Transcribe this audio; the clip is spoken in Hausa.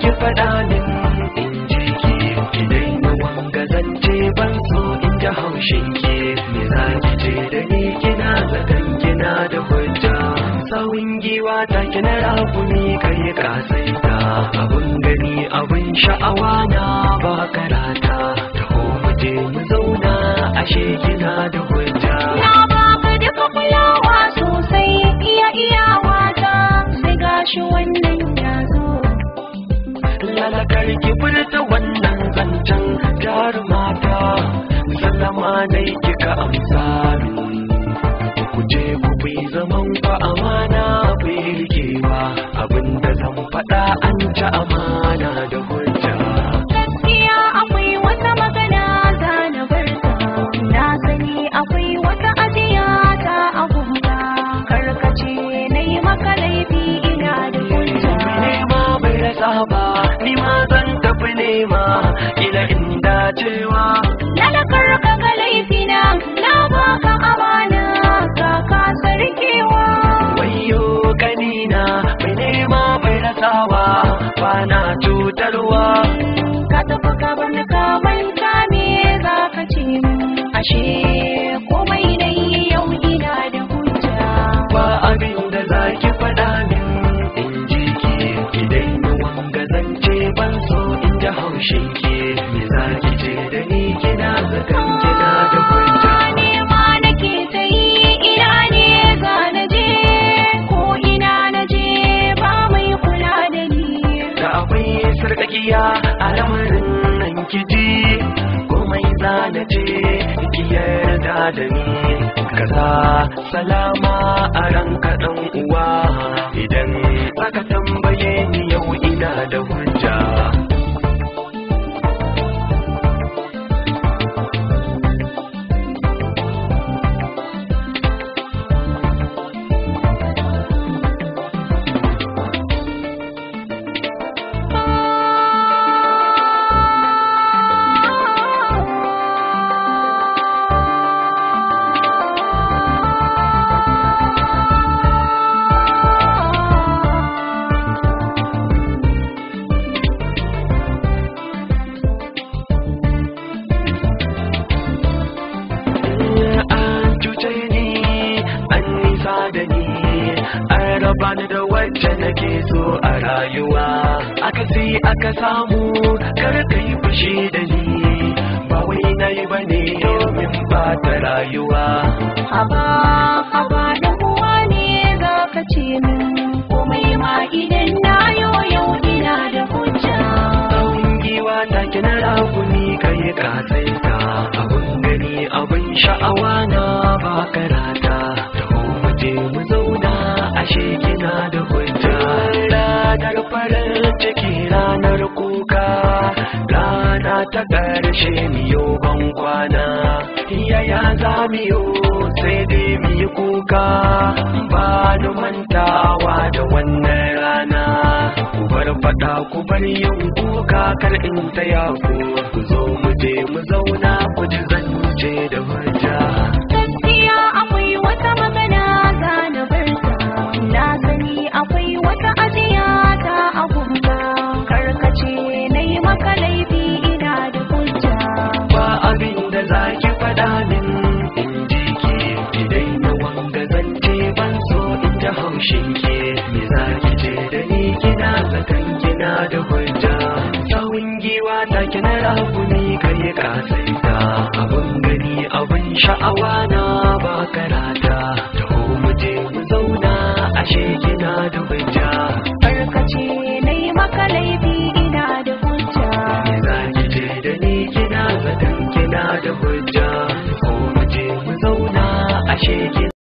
ki faɗa min in ji ki ki daina wanga zance ban so in haushin ki me za ki ce da ni kina zaton kina da hujja sawun giwa ta kina rakumi kai kasaita abun gani abun sha'awa na ba karata taho mu je mu zauna ashe kina da hujja na baka duka kulawa sosai iya iyawa ta sai gashi wannan can jarumata, mata sallama ne kika amsa ma ila in lalakar ka ga laifina na baka amana ka ka sarkewa wayo kanina mai nema mai rasawa ba na cutarwa ka tafi ka bani ka mai me za ka ce ashe me zaki ce da ni kina zaton kina da kwanta ne ma nake ta yi ina ne za na je ko ina na je ba mai kula da ni da akwai sarkakiya a lamarin nan kiji komai za na je ki da ni kaza salama a ranka ɗan uwa idan aka tambaye ni bani da wacce nake so a rayuwa akasi aka samu kar ka yi fushi da ni ba wai na yi ba domin ba ta rayuwa haba haba da uwa ne za ka ce min komai ma idan na yau ina da hujja tsawon giwa ta kina raguni ka yi kasaita abun gani abun sha'awa na ba ka ta ƙarshe miyo ban kwana yaya za miyo sai dai miyi kuka ba ni mantawa da wannan rana ku bar faɗa ku bar yin kuka kar in taya ku ku zo mu je mu zauna ku ji zan me za ki ce da ni kina zaton kina da hujja sawun giwa ta kina rabu ni ka yi kasaita abun gani abun sha'awa na ba karata taho mu je mu zauna ashe kina da hujja farkace na yi maka laifi ina da hujja me za ki ce da ni kina zaton kina da hujja ko mu je mu zauna ashe kina